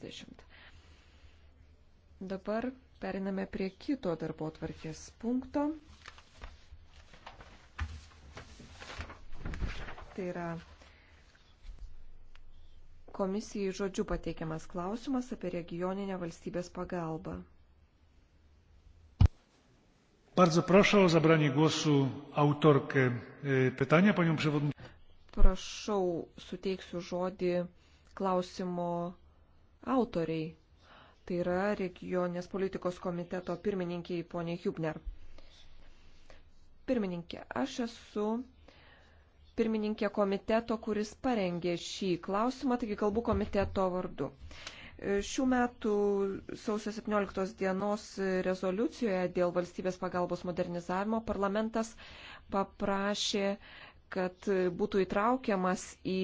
30. Dabar periname prie kito darbo tvarkės punkto. Tai yra komisijai žodžiu pateikiamas klausimas apie regioninę valstybės pagalbą. Bardzo proszę o zabranie głosu autorkę e, pytania, panią przewodniczącą. Prašau, suteiksiu žodį klausimo autoriai. Tai yra regionės politikos komiteto pirmininkiai poniai Hubner. Pirmininkė, aš esu pirmininkė komiteto, kuris parengė šį klausimą, taigi kalbu komiteto vardu. Šių metų sausio 17 dienos rezoliucijoje dėl valstybės pagalbos modernizavimo parlamentas paprašė, kad būtų įtraukiamas į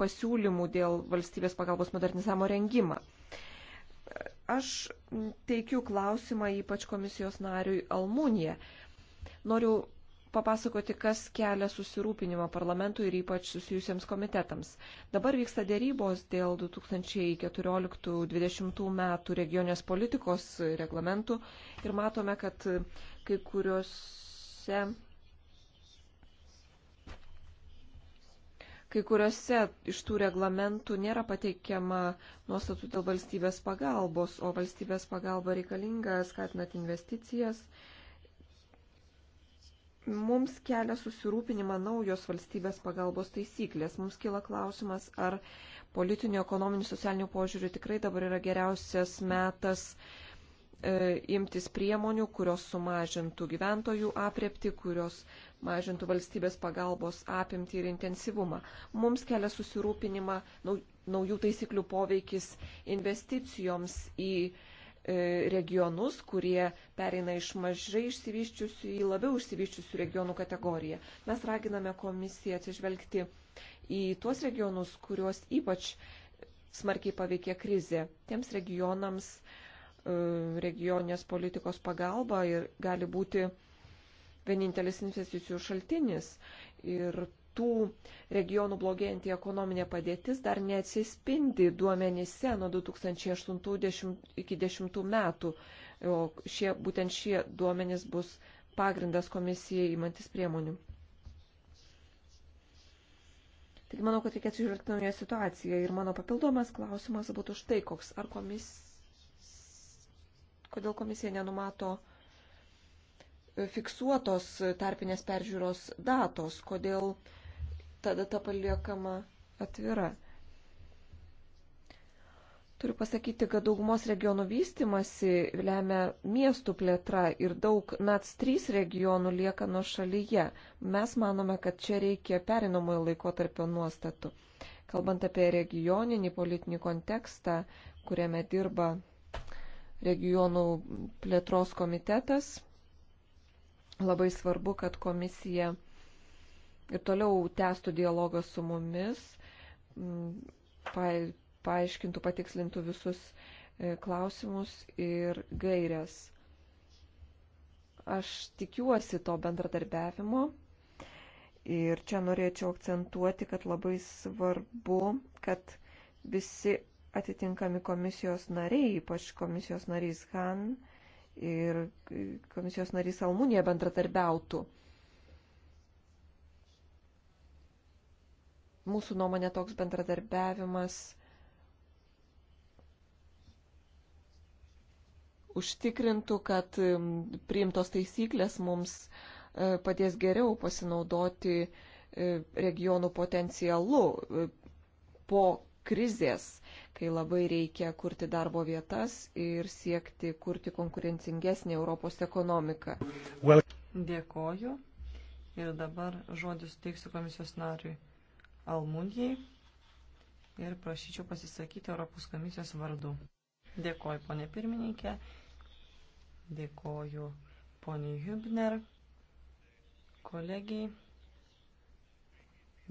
pasiūlymų dėl valstybės pagalbos modernizavimo rengimą. Aš teikiu klausimą ypač komisijos nariui Almūnija. Noriu papasakoti, kas kelia susirūpinimą parlamentui ir ypač susijusiems komitetams. Dabar vyksta dėrybos dėl 2014-2020 metų regionės politikos reglamentų ir matome, kad kai kuriuose Kai kuriuose iš tų reglamentų nėra pateikiama nuostatų dėl valstybės pagalbos, o valstybės pagalba reikalinga skatinant investicijas. Mums kelia susirūpinimą naujos valstybės pagalbos taisyklės. Mums kyla klausimas, ar politinių, ekonominių, socialinių požiūrių tikrai dabar yra geriausias metas uh, E, imtis priemonių, kurios sumažintų gyventojų apriepti, kurios mažintų valstybės pagalbos apimti ir intensyvumą. Mums kelia susirūpinimą naujų taisyklių poveikis investicijoms į e, regionus, kurie pereina iš mažai išsivyščiusių į labiau išsivyščiusių regionų kategoriją. Mes raginame komisiją atsižvelgti į tuos regionus, kuriuos ypač smarkiai paveikė krizė. Tiems regionams uh, E, regioninės politikos pagalba ir gali būti vienintelis investicijų šaltinis. Ir tų regionų blogėjanti ekonominė padėtis dar neatsispindi duomenyse nuo 2008 iki 2010 metų. O šie, būtent šie duomenys bus pagrindas komisijai įmantis priemonių. Tik manau, kad reikia atsižiūrėti naują situaciją. Ir mano papildomas klausimas būtų štai koks. Ar komisija kodėl komisija nenumato e, fiksuotos tarpinės peržiūros datos, kodėl ta data paliekama atvira. Turiu pasakyti, kad daugumos regionų vystimasi lemia miestų plėtra ir daug NATS 3 regionų lieka nuo šalyje. Mes manome, kad čia reikia perinamojo laikotarpio nuostatų. Kalbant apie regioninį politinį kontekstą, kuriame dirba regionų plėtros komitetas. Labai svarbu, kad komisija ir toliau tęstų dialogą su mumis, mm, paaiškintų, patikslintų visus e, klausimus ir gairias. Aš tikiuosi to bendradarbiavimo ir čia norėčiau akcentuoti, kad labai svarbu, kad visi atitinkami komisijos nariai, ypač komisijos narys Han ir komisijos narys Almunija bendratarbiautų. Mūsų nuomonė toks bendradarbiavimas užtikrintų, kad priimtos taisyklės mums e, padės geriau pasinaudoti e, regionų potencialu e, po krizės, kai labai reikia kurti darbo vietas ir siekti kurti konkurencingesnį Europos ekonomiką. Well. Dėkoju. Ir dabar žodis teiksiu komisijos nariui Almundijai ir prašyčiau pasisakyti Europos komisijos vardu. Dėkoju, ponė pirmininkė. Dėkoju, ponė Hübner, kolegijai.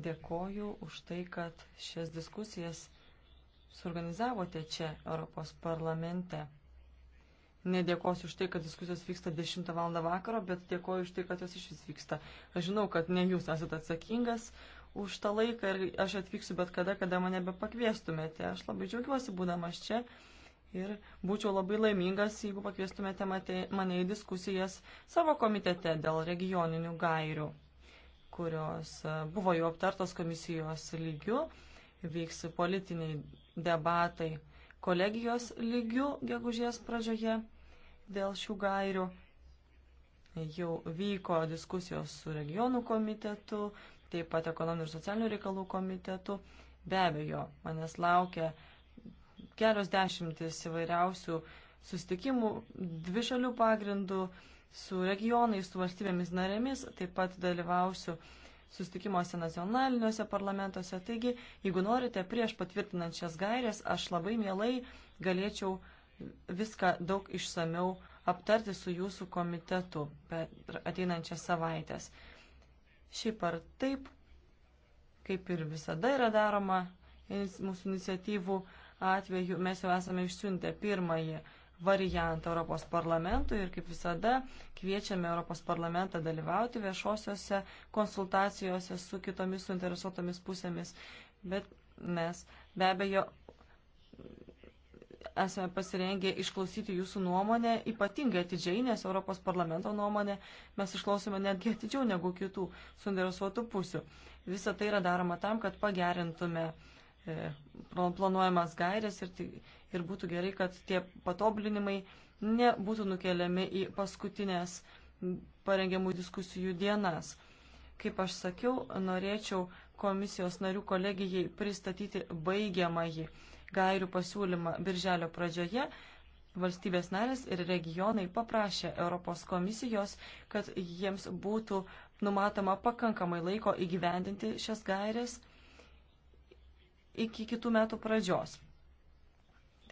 Dėkoju už tai, kad šias diskusijas suorganizavote čia Europos parlamente. Nedėkosiu už tai, kad diskusijos vyksta 10 val. vakaro, bet dėkoju už tai, kad jos iš vis vyksta. Aš žinau, kad ne jūs esate atsakingas už tą laiką ir aš atvyksiu bet kada, kada mane be pakviestumėte. Aš labai džiaugiuosi būdamas čia ir būčiau labai laimingas, jeigu pakviestumėte mane į diskusijas savo komitete dėl regioninių gairių kurios e, buvo jau aptartos komisijos lygių, vyks politiniai debatai kolegijos lygių gegužės pradžioje dėl šių gairių. Jau vyko diskusijos su regionų komitetu, taip pat ekonominių ir socialinių reikalų komitetu. Be abejo, manęs laukia kelios dešimtis įvairiausių sustikimų dvišalių pagrindų su regionais, su valstybėmis narėmis, taip pat dalyvausiu sustikimuose nacionaliniuose parlamentuose. Taigi, jeigu norite, prieš patvirtinant šias gairias, aš labai mielai galėčiau viską daug išsameu aptarti su jūsų komitetu per ateinančias savaitės. Šiaip ar taip, kaip ir visada yra daroma mūsų iniciatyvų atveju, mes jau esame išsiuntę pirmąjį variantą Europos parlamentui ir kaip visada kviečiame Europos parlamentą dalyvauti viešosiuose konsultacijose su kitomis suinteresuotomis pusėmis, bet mes be abejo esame pasirengę išklausyti jūsų nuomonę ypatingai atidžiai, nes Europos parlamento nuomonę mes išklausome netgi atidžiau negu kitų suinteresuotų pusių. Visa tai yra daroma tam, kad pagerintume e, planuojamas gairias ir ir būtų gerai, kad tie patobulinimai nebūtų nukeliami į paskutinės parengiamų diskusijų dienas. Kaip aš sakiau, norėčiau komisijos narių kolegijai pristatyti baigiamąjį gairių pasiūlymą birželio pradžioje. Valstybės narės ir regionai paprašė Europos komisijos, kad jiems būtų numatoma pakankamai laiko įgyvendinti šias gairias iki kitų metų pradžios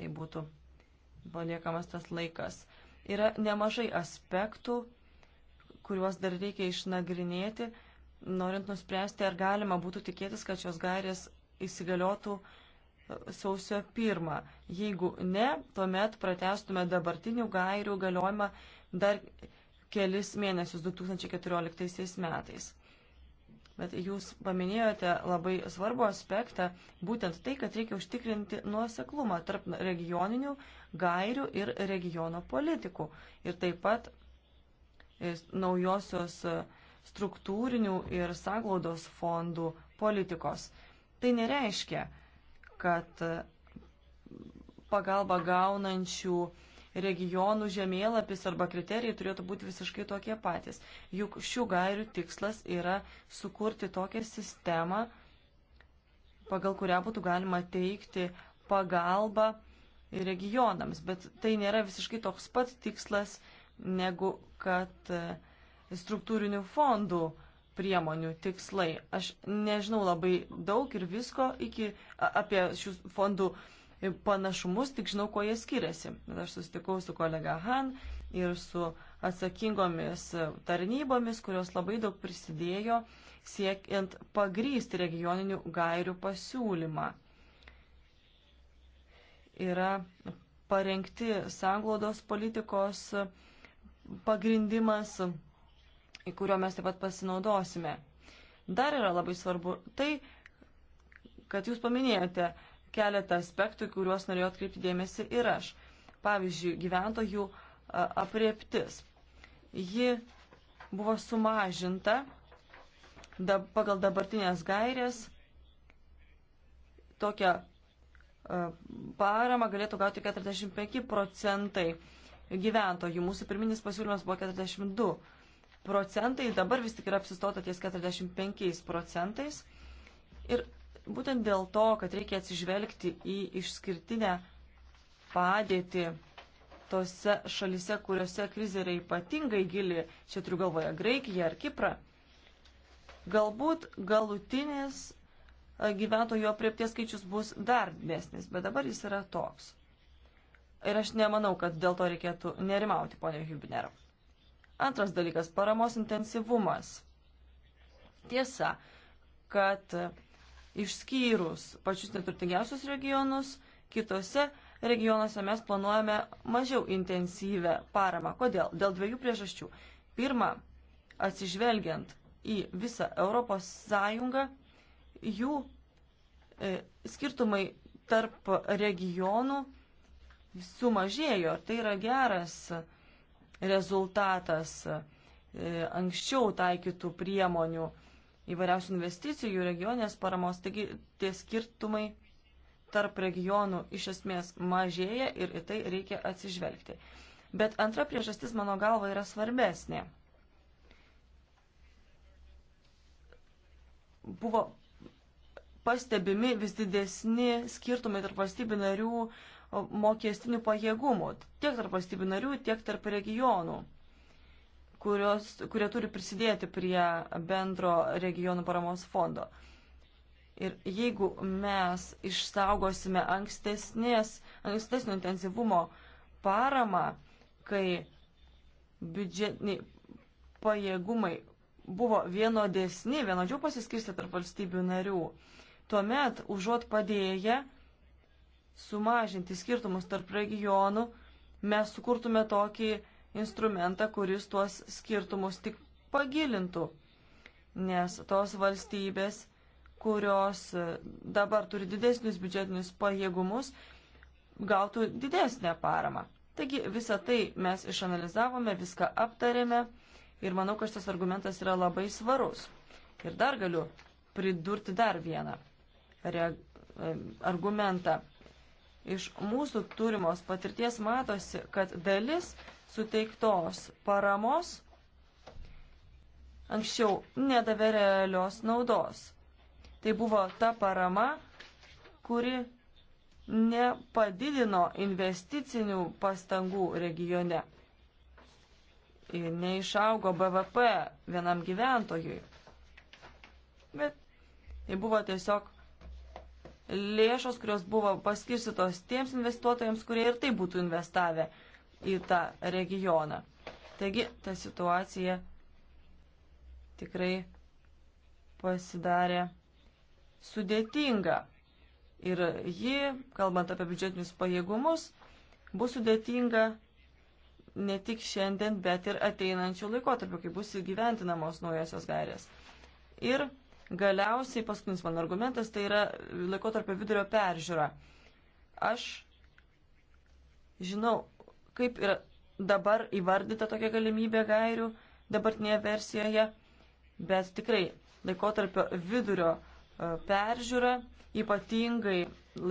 tai būtų paliekamas tas laikas. Yra nemažai aspektų, kuriuos dar reikia išnagrinėti, norint nuspręsti, ar galima būtų tikėtis, kad šios gairės įsigaliotų e, sausio pirmą. Jeigu ne, tuomet pratestume dabartinių gairių galiojimą dar kelis mėnesius 2014 metais. Bet jūs paminėjote labai svarbu aspektą, būtent tai, kad reikia užtikrinti nuoseklumą tarp regioninių gairių ir regiono politikų. Ir taip pat e, naujosios e, struktūrinių ir saglaudos fondų politikos. Tai nereiškia, kad e, pagalba gaunančių uh, regionų žemėlapis arba kriterijai turėtų būti visiškai tokie patys. Juk šių gairių tikslas yra sukurti tokią sistemą, pagal kurią būtų galima teikti pagalbą regionams, bet tai nėra visiškai toks pat tikslas negu kad e, struktūrinių fondų priemonių tikslai. Aš nežinau labai daug ir visko iki, apie šių fondų uh, panašumus, tik žinau, kuo jie skiriasi. Bet aš susitikau su kolega Han ir su atsakingomis tarnybomis, kurios labai daug prisidėjo siekiant pagrysti regioninių gairių pasiūlymą. Yra parengti sanglaudos politikos pagrindimas, į kurio mes taip pat pasinaudosime. Dar yra labai svarbu tai, kad jūs paminėjote keletą aspektų, kuriuos norėjau atkreipti dėmesį ir aš. Pavyzdžiui, gyventojų apriektis. Ji buvo sumažinta da, pagal dabartinės gairės. Tokią paramą galėtų gauti 45 procentai gyventojų. Mūsų pirminis pasiūlymas buvo 42 procentai, dabar vis tik yra apsistota ties 45 procentais. Ir Būtent dėl to, kad reikia atsižvelgti į išskirtinę padėtį tose šalise, kuriuose krizė yra ypatingai gili, čia turiu galvoje Graikiją ar Kiprą, galbūt galutinis gyventojų apriepties skaičius bus dar didesnis, bet dabar jis yra toks. Ir aš nemanau, kad dėl to reikėtų nerimauti, ponia Hübner. Antras dalykas - paramos intensyvumas. Tiesa, kad išskyrus pačius neturtingiausius regionus, kitose regionuose mes planuojame mažiau intensyvę paramą. Kodėl? Dėl dviejų priežasčių. Pirma, atsižvelgiant į visą Europos Sąjungą, jų e, skirtumai tarp regionų sumažėjo. Tai yra geras rezultatas e, anksčiau taikytų priemonių. E, įvairiausių investicijų, regionės paramos, taigi tie skirtumai tarp regionų iš esmės mažėja ir į tai reikia atsižvelgti. Bet antra priežastis mano galva yra svarbesnė. Buvo pastebimi vis didesni skirtumai tarp valstybių narių mokestinių pajėgumų, tiek tarp valstybių narių, tiek tarp regionų kurios, kurie turi prisidėti prie bendro regionų paramos fondo. Ir jeigu mes išsaugosime ankstesnio intensyvumo paramą, kai biudžetiniai pajėgumai buvo vienodesni, vienodžiau pasiskirsti tarp valstybių narių, tuomet užuot padėję sumažinti skirtumus tarp regionų, mes sukurtume tokį instrumentą, kuris tuos skirtumus tik pagilintų. Nes tos valstybės, kurios e, dabar turi didesnius biudžetinius pajėgumus, gautų didesnę paramą. Taigi visą tai mes išanalizavome, viską aptarėme ir manau, kad šitas argumentas yra labai svarus. Ir dar galiu pridurti dar vieną e, argumentą. Iš mūsų turimos patirties matosi, kad dalis suteiktos paramos anksčiau nedavė realios naudos. Tai buvo ta parama, kuri nepadidino investicinių pastangų regione ir neišaugo BVP vienam gyventojui. Bet tai buvo tiesiog lėšos, kurios buvo paskirstytos tiems investuotojams, kurie ir tai būtų investavę į tą regioną. Taigi ta situacija tikrai pasidarė sudėtinga. Ir ji, kalbant apie biudžetinius pajėgumus, bus sudėtinga ne tik šiandien, bet ir ateinančių laikotarpių, kai bus įgyventinamos naujosios gairės. Ir Galiausiai paskutinis mano argumentas tai yra laikotarpio vidurio peržiūra. Aš žinau, kaip yra dabar įvardyta tokia galimybė gairių dabartinėje versijoje, bet tikrai laikotarpio vidurio e, peržiūra, ypatingai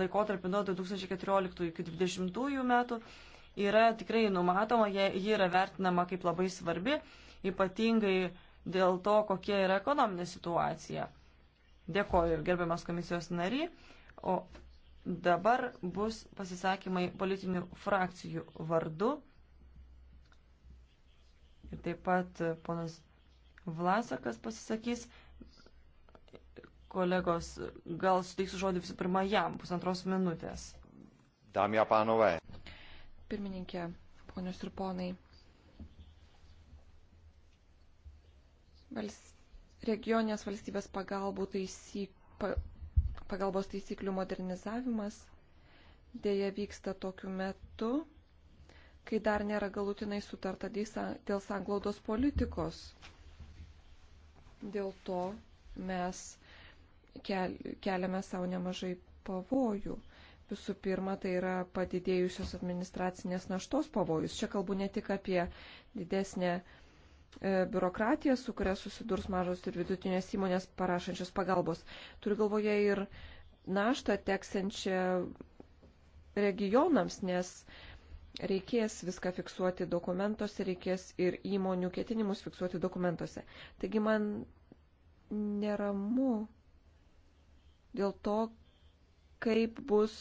laikotarpio nuo 2014 iki 2020 metų, yra tikrai numatoma, ji yra vertinama kaip labai svarbi, ypatingai dėl to, kokia yra ekonominė situacija. Dėkoju ir gerbiamas komisijos nariai. O dabar bus pasisakymai politinių frakcijų vardu. Ir taip pat ponas Vlasakas pasisakys. Kolegos, gal suteiksiu žodį visų pirma jam, pusantros minutės. Damia Panove. Pirmininkė, ponios ir ponai, vals, regionės valstybės pagalbų taisyk, pa, pagalbos taisyklių modernizavimas dėja vyksta tokiu metu, kai dar nėra galutinai sutarta dėl sanglaudos politikos. Dėl to mes keliame savo nemažai pavojų. Visų pirma, tai yra padidėjusios administracinės naštos pavojus. Čia kalbu ne tik apie didesnę E, biurokratija, su kuria susidurs mažos ir vidutinės įmonės parašančios pagalbos. Turiu galvoje ir naštą teksančią regionams, nes reikės viską fiksuoti dokumentuose, reikės ir įmonių ketinimus fiksuoti dokumentuose. Taigi man neramu dėl to, kaip bus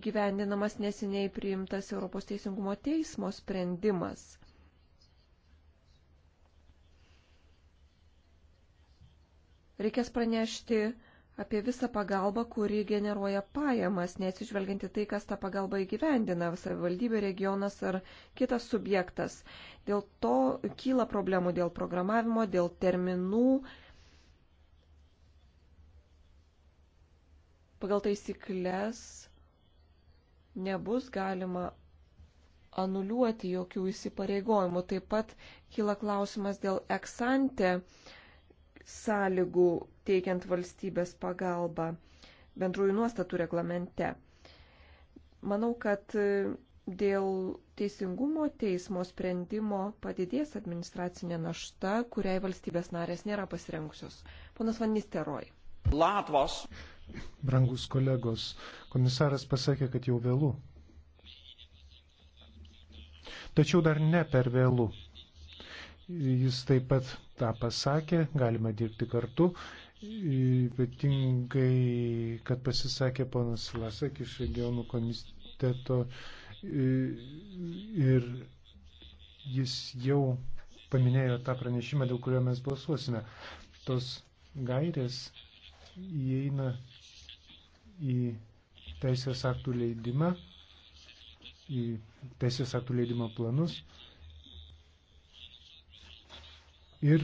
įgyvendinamas neseniai priimtas Europos Teisingumo teismo sprendimas. reikės pranešti apie visą pagalbą, kuri generuoja pajamas, neatsižvelgianti tai, kas tą pagalbą įgyvendina - savivaldybė, regionas ar kitas subjektas. Dėl to kyla problemų dėl programavimo, dėl terminų. Pagal taisyklės nebus galima anuliuoti jokių įsipareigojimų. Taip pat kyla klausimas dėl eksante sąlygų teikiant valstybės pagalbą bendrųjų nuostatų reglamente. Manau, kad e, dėl teisingumo teismo sprendimo padidės administracinė našta, kuriai valstybės narės nėra pasirengusios. Ponas Van Nisteroj. Latvas. Brangus kolegos, komisaras pasakė, kad jau vėlų. Tačiau dar ne per vėlų. Jis taip pat tą pasakė, galima dirbti kartu. Ypatingai, kad pasisakė ponas Lasak iš regionų komiteto ir jis jau paminėjo tą pranešimą, dėl kurio mes balsuosime. Tos gairės įeina į teisės aktų leidimą, į teisės aktų leidimo planus Ir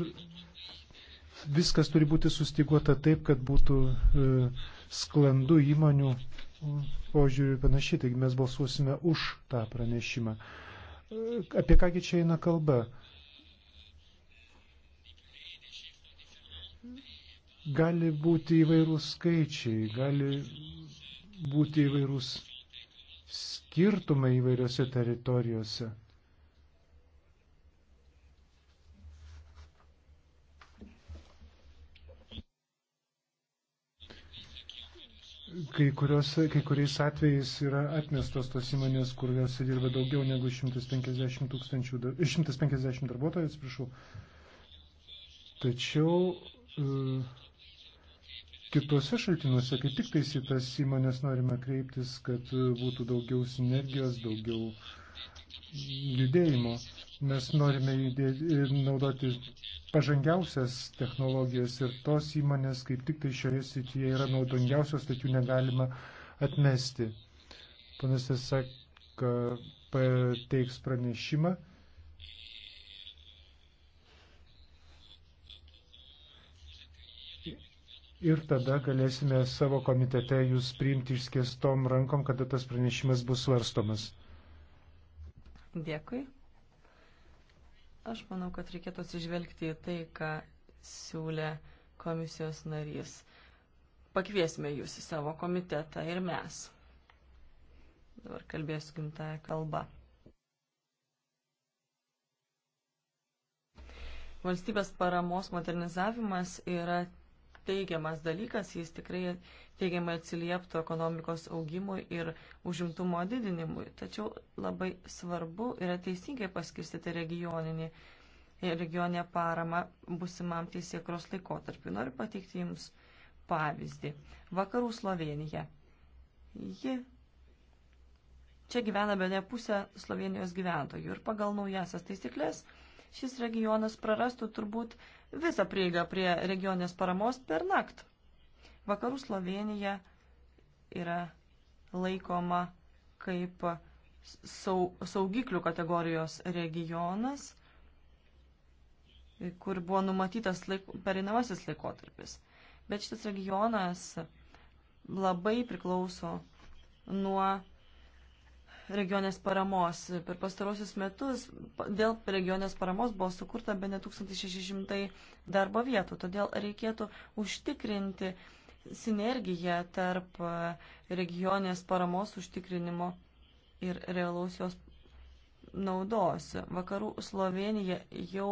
viskas turi būti sustiguota taip, kad būtų e, sklandu įmonių požiūrių ir panašiai. Taigi mes balsuosime už tą pranešimą. E, apie kągi čia eina kalba? Gali būti įvairūs skaičiai, gali būti įvairūs skirtumai įvairiose teritorijose. Kai, kurios, kai kuriais atvejais yra atmestos tos įmonės, kuriuose dirba daugiau negu 150, tūkstančių, 150 darbuotojų, atsiprašau. Tačiau e, kitose šaltiniuose, kaip tik tais į tas įmonės norime kreiptis, kad e, būtų daugiau sinergijos, daugiau judėjimo. Mes norime naudoti pažangiausias technologijas ir tos įmonės kaip tik tai šioje srityje yra naudingiausios, tad jų negalima atmesti. Panas Esaka pateiks pranešimą. Ir tada galėsime savo komitete jūs priimti išskėstom rankom, kada tas pranešimas bus svarstomas. Dėkui. Aš manau, kad reikėtų atsižvelgti į tai, ką siūlė komisijos narys. Pakviesime jūs į savo komitetą ir mes. Dabar kalbėsiu gimtąją kalbą. Valstybės paramos modernizavimas yra teigiamas dalykas, jis tikrai teigiamai atsilieptų ekonomikos augimui ir užimtumo didinimui. Tačiau labai svarbu yra teisingai paskirstyti regioninį regionė parama busimam teisėkros laikotarpiu. Noriu pateikti Jums pavyzdį. Vakarų Slovenija. Ji. Čia gyvena be ne pusę Slovenijos gyventojų ir pagal naujasias taisyklės šis regionas prarastų turbūt visą prieigą prie regionės paramos per naktį. Vakarų Slovenija yra laikoma kaip saugiklių kategorijos regionas, kur buvo numatytas laik, pereinamasis laikotarpis. Bet šitas regionas labai priklauso nuo regionės paramos. Per pastarosius metus dėl regionės paramos buvo sukurta be ne 1600 darbo vietų, todėl reikėtų užtikrinti sinergiją tarp e, regionės paramos užtikrinimo ir realaus jos naudos. Vakarų Slovenija jau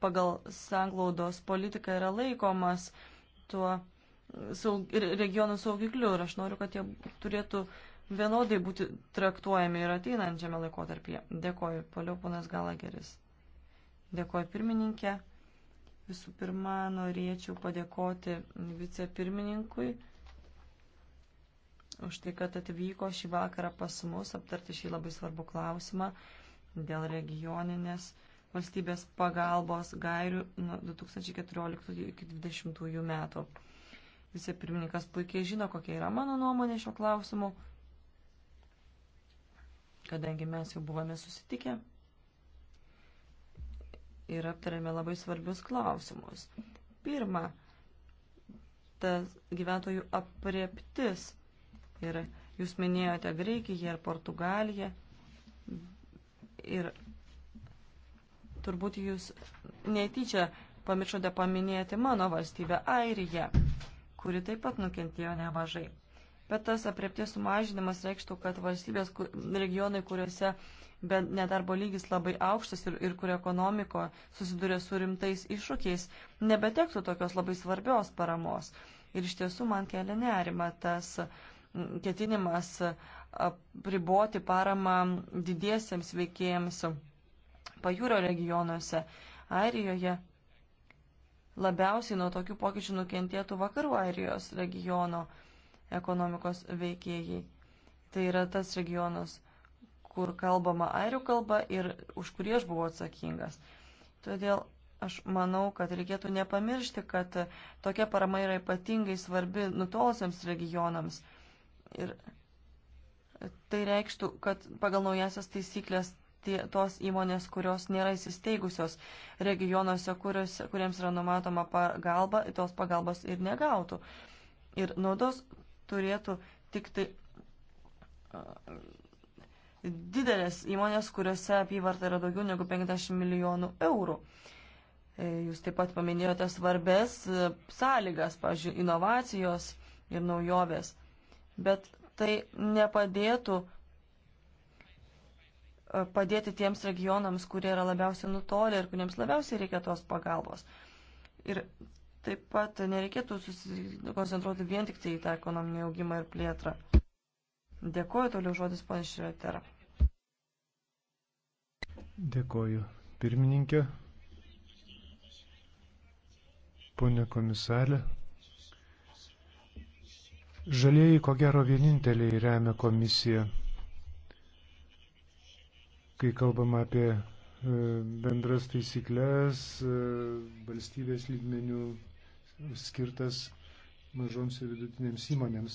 pagal sanglaudos politiką yra laikomas tuo saug, regionų saugikliu ir aš noriu, kad jie turėtų uh, vienodai būti traktuojami ir ateinančiame laikotarpyje. Dėkoju. Toliau ponas Galageris. Dėkoju pirmininkė. Visų pirma, norėčiau padėkoti vicepirmininkui už tai, kad atvyko šį vakarą pas mus aptarti šį labai svarbų klausimą dėl regioninės valstybės pagalbos gairių nuo 2014 iki 2020 metų. Vicepirmininkas puikiai žino, kokia yra mano nuomonė šio klausimu kadangi mes jau buvome susitikę ir aptarėme labai svarbius klausimus. Pirma, tas gyventojų apreptis ir jūs minėjote Graikiją ir Portugaliją ir turbūt jūs netyčia pamiršote paminėti mano valstybę Airiją, kuri taip pat nukentėjo nemažai bet tas apriepties sumažinimas reikštų, kad valstybės regionai, kuriuose bet nedarbo lygis labai aukštas ir, ir kur ekonomiko susiduria su rimtais iššūkiais, nebetektų tokios labai svarbios paramos. Ir iš tiesų man kelia nerima tas ketinimas priboti paramą didiesiems veikėjams pajūrio regionuose. Airijoje labiausiai nuo tokių pokyčių nukentėtų vakarų Airijos regiono ekonomikos veikėjai. Tai yra tas regionas, kur kalbama airių kalba ir už kurį aš buvau atsakingas. Todėl aš manau, kad reikėtų nepamiršti, kad tokia parama yra ypatingai svarbi nutolusiems regionams. Ir tai reikštų, kad pagal naujasias taisyklės tie, tos įmonės, kurios nėra įsisteigusios regionuose, kurios, kuriems yra numatoma pagalba, tos pagalbos ir negautų. Ir naudos turėtų tik tai didelės įmonės, kuriuose apyvarta yra daugiau negu 50 milijonų eurų. E, jūs taip pat paminėjote svarbės e, sąlygas, pažiūrėjau, inovacijos ir naujovės. Bet tai nepadėtų e, padėti tiems regionams, kurie yra labiausiai nutolę ir kuriems labiausiai reikia tos pagalbos. Ir Taip pat nereikėtų susikoncentruoti vien tik tai į tą ekonominį augimą ir plėtrą. Dėkoju, toliau žodis pana Šretera. Dėkoju, pirmininkė. Pone komisarė. Žalieji, ko gero, vieninteliai remia komisiją, kai kalbama apie e, bendras taisyklės e, valstybės lygmenių skirtas mažoms ir vidutinėms įmonėms.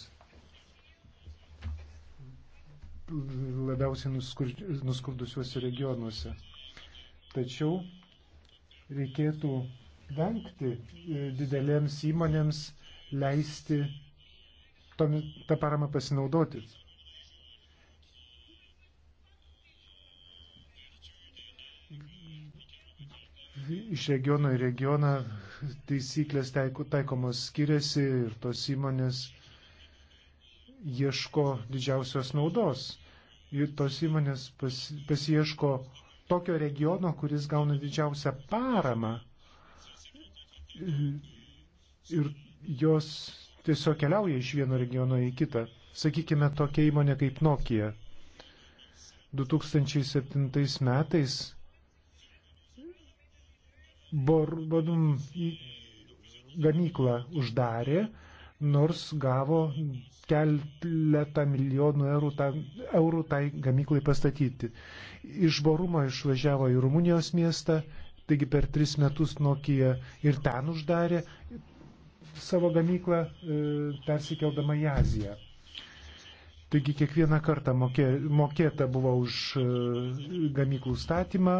Labiausiai nuskurdusiuose regionuose. Tačiau reikėtų vengti e, didelėms įmonėms leisti tomi, tą paramą pasinaudoti. Iš regiono į regioną taisyklės taikomos skiriasi ir tos įmonės ieško didžiausios naudos. Ir tos įmonės pas, pasieško tokio regiono, kuris gauna didžiausią paramą. Ir jos tiesiog keliauja iš vieno regiono į kitą. Sakykime, tokia įmonė kaip Nokia. 2007 metais Bodum gamyklą uždarė, nors gavo keletą milijonų eurų, ta, eurų tai gamyklai pastatyti. Iš Borumo išvažiavo į Rumunijos miestą, taigi per tris metus Nokia ir ten uždarė savo gamyklą, e, persikeldama į Aziją. Taigi kiekvieną kartą mokė, mokėta buvo už e, gamyklų statymą,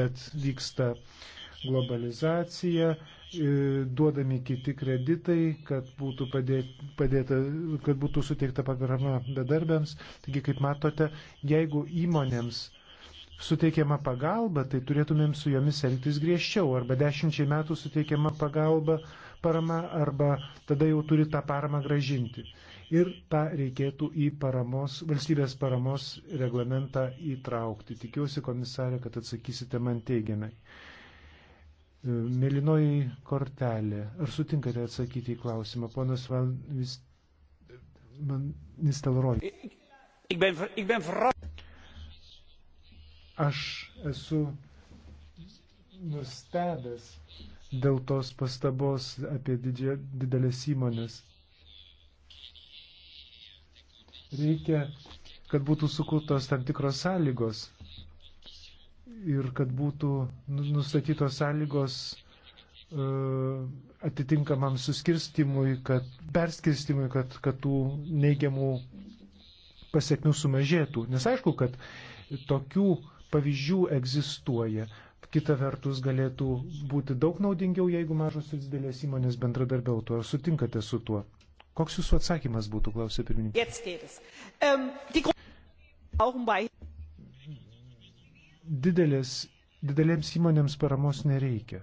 bet vyksta e, globalizacija, duodami kiti kreditai, kad būtų, padėta, padėta, kad būtų suteikta pagarama bedarbiams. Taigi, kaip matote, jeigu įmonėms suteikiama pagalba, tai turėtumėm su jomis elgtis griežčiau. Arba dešimčiai metų suteikiama pagalba, parama, arba tada jau turi tą paramą gražinti. Ir tą reikėtų į paramos, valstybės paramos reglamentą įtraukti. Tikiuosi, komisarė, kad atsakysite man teigiamai. E, mėlynoji kortelė. Ar sutinkate atsakyti į klausimą, ponas Van vis... Nistelroj? Aš esu nustebęs dėl tos pastabos apie didžia, didelės įmonės. Reikia, kad būtų sukurtos tam tikros sąlygos ir kad būtų nu, nustatytos sąlygos e, atitinkamam suskirstimui, kad perskirstimui, kad, kad tų neigiamų pasiekmių sumažėtų. Nes aišku, kad tokių pavyzdžių egzistuoja. Kita vertus galėtų būti daug naudingiau, jeigu mažos ir didelės įmonės bendradarbiautų. Ar sutinkate su tuo? Koks jūsų atsakymas būtų, klausė pirmininkas? didelės, didelėms įmonėms paramos nereikia.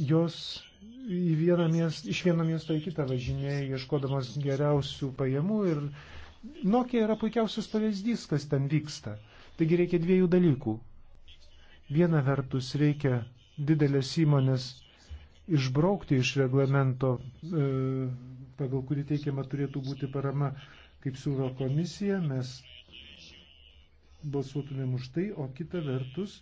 Jos į vieną miestą, iš vieno miesto į kitą važinėja, ieškodamas geriausių pajamų ir Nokia yra puikiausias pavyzdys, kas ten vyksta. Taigi reikia dviejų dalykų. Viena vertus reikia didelės įmonės išbraukti iš reglamento, e, pagal kurį teikiama turėtų būti parama kaip siūlo komisija, mes balsuotumėm už tai, o kita vertus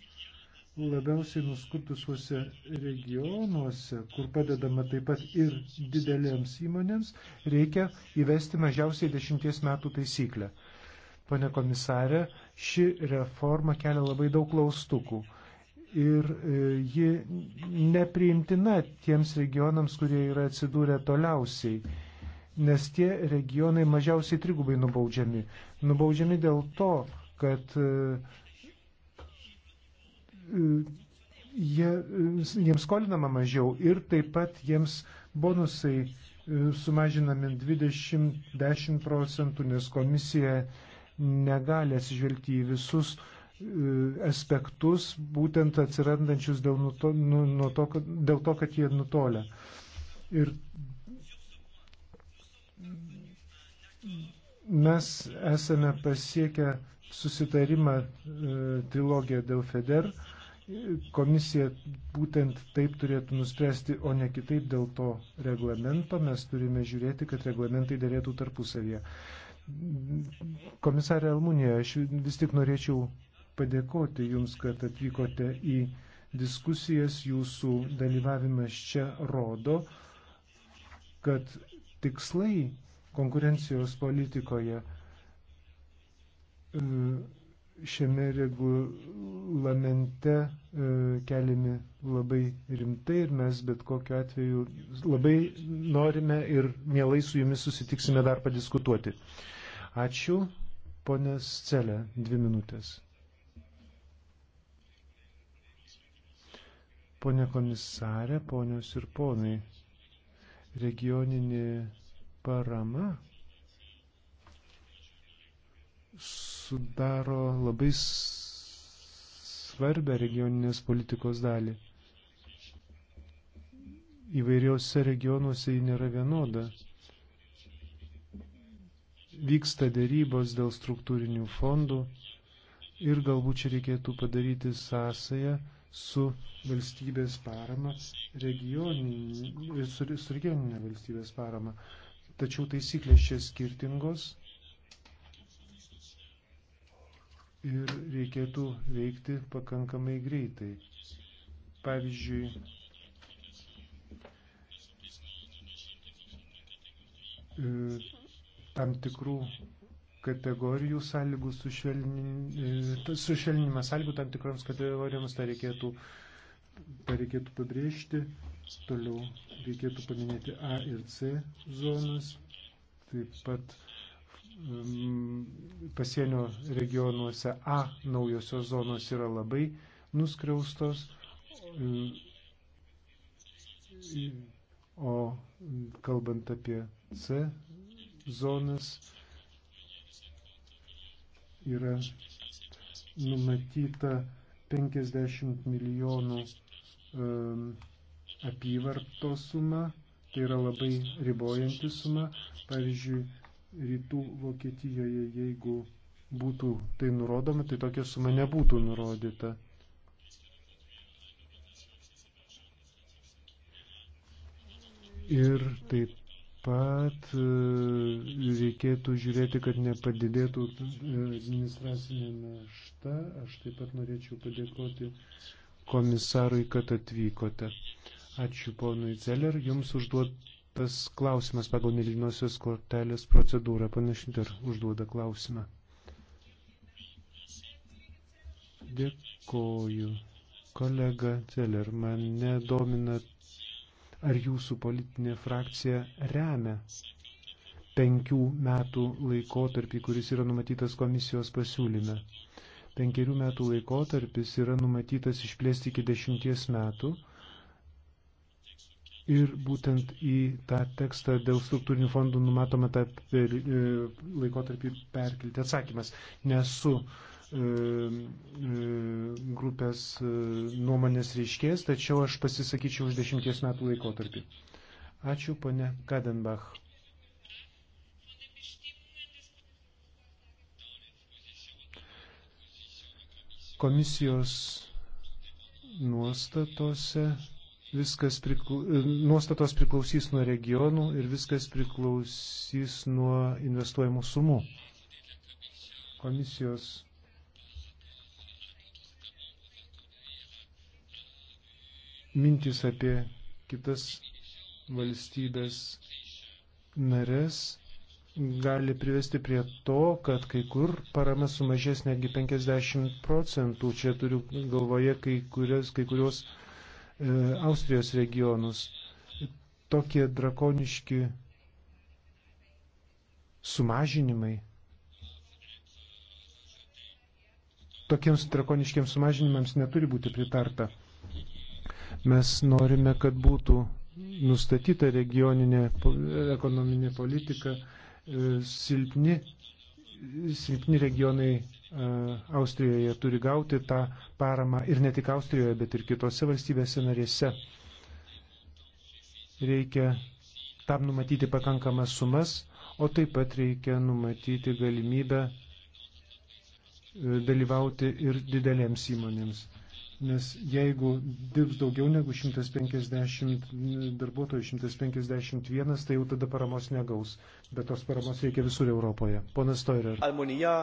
labiausiai nuskurtusiuose regionuose, kur padedama taip pat ir didelėms įmonėms, reikia įvesti mažiausiai dešimties metų taisyklę. Pane komisarė, ši reforma kelia labai daug klaustukų ir e, ji nepriimtina tiems regionams, kurie yra atsidūrę toliausiai nes tie regionai mažiausiai trigubai nubaudžiami. Nubaudžiami dėl to, kad e, e, jie, jiems skolinama mažiau ir taip pat jiems bonusai e, sumažinami 20-10 procentų, nes komisija negali atsižvelgti į visus aspektus, būtent atsirandančius dėl, nuto, nu, nuo to, kad, dėl to, kad jie nutolia. Ir Mes esame pasiekę susitarimą e, trilogiją dėl FEDER. Komisija būtent taip turėtų nuspręsti, o ne kitaip dėl to reglamento. Mes turime žiūrėti, kad reglamentai dėlėtų tarpusavėje. Komisarė Almunija, aš vis tik norėčiau padėkoti Jums, kad atvykote į diskusijas. Jūsų dalyvavimas čia rodo, kad tikslai konkurencijos politikoje. E, šiame regulamente e, keliami labai rimtai ir mes bet kokiu atveju labai norime ir mielai su jumis susitiksime dar padiskutuoti. Ačiū, ponės Celė, dvi minutės. Pone komisarė, ponios ir ponai, regioninė parama sudaro labai svarbę regioninės politikos dalį. Įvairiuose regionuose ji nėra vienoda. Vyksta dėrybos dėl struktūrinių fondų ir galbūt čia reikėtų padaryti sąsają su valstybės parama, regioninė, su, su regioninė valstybės parama tačiau taisyklės čia skirtingos ir reikėtų veikti pakankamai greitai. Pavyzdžiui, e, tam tikrų kategorijų sąlygų e, sušvelninimas sąlygų tam tikroms kategorijoms tą reikėtų, tą reikėtų pabrėžti. Toliau reikėtų paminėti A ir C zonas, taip pat um, pasienio regionuose A naujosios zonos yra labai nuskriaustos, um, o kalbant apie C zonas yra numatyta 50 milijonų um, apyvarto suma, tai yra labai ribojanti suma. Pavyzdžiui, rytų Vokietijoje, jeigu būtų tai nurodoma, tai tokia suma nebūtų nurodyta. Ir taip pat e, reikėtų žiūrėti, kad nepadidėtų e, administracinė našta. Aš taip pat norėčiau padėkoti komisarui, kad atvykote. Ačiū ponui Zeller, jums užduotas klausimas pagal mėlynosios kortelės procedūrą. Panašiai dar užduoda klausimą. Dėkoju. Kolega Zeller, mane domina, ar jūsų politinė frakcija remia penkių metų laikotarpį, kuris yra numatytas komisijos pasiūlyme. Penkerių metų laikotarpis yra numatytas išplėsti iki dešimties metų Ir būtent į tą tekstą dėl struktūrinių fondų numatoma tą per, e, laikotarpį perkelti. Atsakymas. Nesu e, e grupės e, nuomonės reiškės, tačiau aš pasisakyčiau už dešimties metų laikotarpį. Ačiū, ponė Kadenbach. Komisijos nuostatose viskas priklau... nuostatos priklausys nuo regionų ir viskas priklausys nuo investuojamų sumų. Komisijos mintis apie kitas valstybės narės gali privesti prie to, kad kai kur parama sumažės netgi 50 procentų. Čia turiu galvoje kai, kurias, kai kurios E, Austrijos regionus. Tokie drakoniški sumažinimai. Tokiems drakoniškiams sumažinimams neturi būti pritarta. Mes norime, kad būtų nustatyta regioninė ekonominė politika, e, silpni, silpni regionai Austrijoje turi gauti tą paramą ir ne tik Austrijoje, bet ir kitose valstybėse narėse. Reikia tam numatyti pakankamas sumas, o taip pat reikia numatyti galimybę e, dalyvauti ir didelėms įmonėms. Nes jeigu dirbs daugiau negu 150 e, darbuotojų, 151, tai jau tada paramos negaus. Bet tos paramos reikia visur Europoje. Ponas Toirer. Almonija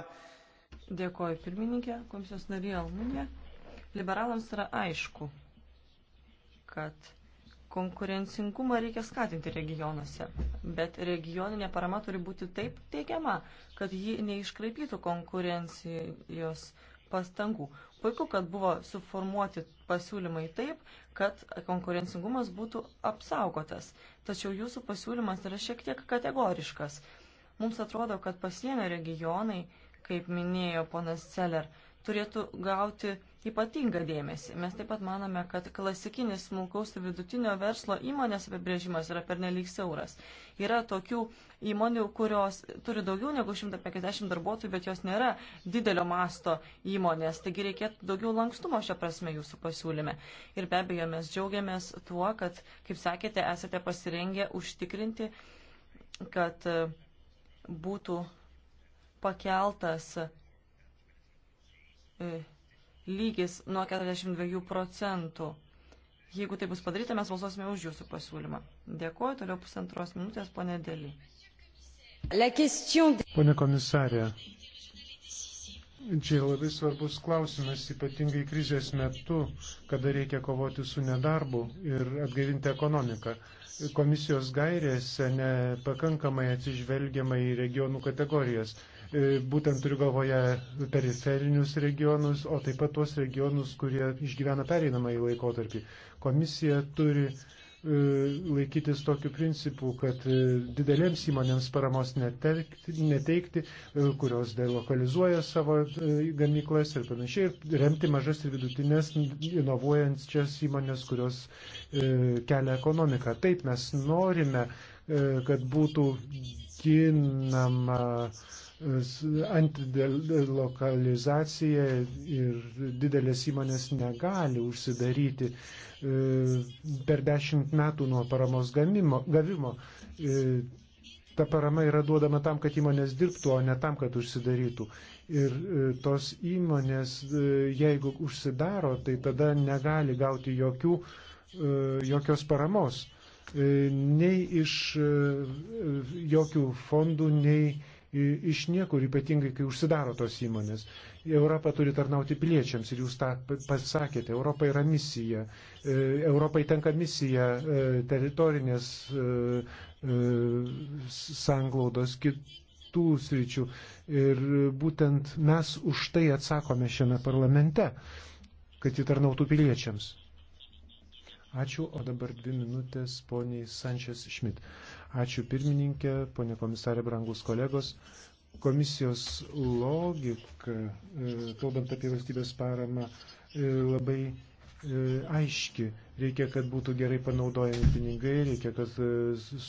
Dėkoju pirmininkė, komisijos narė Almunė. Liberalams yra aišku, kad konkurencingumą reikia skatinti regionuose, bet regioninė parama turi būti taip teikiama, kad ji neiškraipytų konkurencijos pastangų. Puiku, kad buvo suformuoti pasiūlymai taip, kad konkurencingumas būtų apsaugotas, tačiau jūsų pasiūlymas yra šiek tiek kategoriškas. Mums atrodo, kad pasienio regionai kaip minėjo ponas Celer, turėtų gauti ypatingą dėmesį. Mes taip pat manome, kad klasikinis smulkaus ir vidutinio verslo įmonės apibrėžimas yra pernelyg siauras. Yra tokių įmonių, kurios turi daugiau negu 150 darbuotojų, bet jos nėra didelio masto įmonės, taigi reikėtų daugiau lankstumo šią prasme jūsų pasiūlyme. Ir be abejo, mes džiaugiamės tuo, kad, kaip sakėte, esate pasirengę užtikrinti, kad būtų pakeltas e, lygis nuo 42 procentų. Jeigu tai bus padaryta, mes balsuosime už jūsų pasiūlymą. Dėkuoju, toliau pusantros minutės, ponė Dėlį. Pone komisarė, čia labai svarbus klausimas, ypatingai krizės metu, kada reikia kovoti su nedarbu ir atgaivinti ekonomiką. Komisijos gairėse nepakankamai atsižvelgiama į regionų kategorijas. E, būtent turiu galvoje periferinius regionus, o taip pat tuos regionus, kurie išgyvena pereinamą į laikotarpį. Komisija turi e, laikytis tokių principų, kad e, didelėms įmonėms paramos neteikti, neteikti kurios delokalizuoja savo gamyklas ir panašiai, ir remti mažas ir vidutinės inovuojančias įmonės, kurios kelia ekonomiką. Taip mes norime, kad būtų ginama uh, antidelokalizacija ir didelės įmonės negali užsidaryti e, per dešimt metų nuo paramos gamimo, gavimo. E, ta parama yra duodama tam, kad įmonės dirbtų, o ne tam, kad užsidarytų. Ir e, tos įmonės, jeigu užsidaro, tai tada negali gauti jokių, jokios paramos. Nei iš jokių fondų, nei iš niekur, ypatingai kai užsidaro tos įmonės. Europa turi tarnauti piliečiams ir jūs tą pasakėte. Europa yra misija. E, Europai tenka misija e, teritorinės e, sanglaudos kitų sričių. Ir būtent mes už tai atsakome šiame parlamente, kad ji tarnautų piliečiams. Ačiū, o dabar dvi minutės poniai Sančias Šmit. Ačiū pirmininkė, ponė komisarė, brangus kolegos. Komisijos logika, e, kalbant apie valstybės paramą, e, labai e, aiški. Reikia, kad būtų gerai panaudojami pinigai, reikia, kad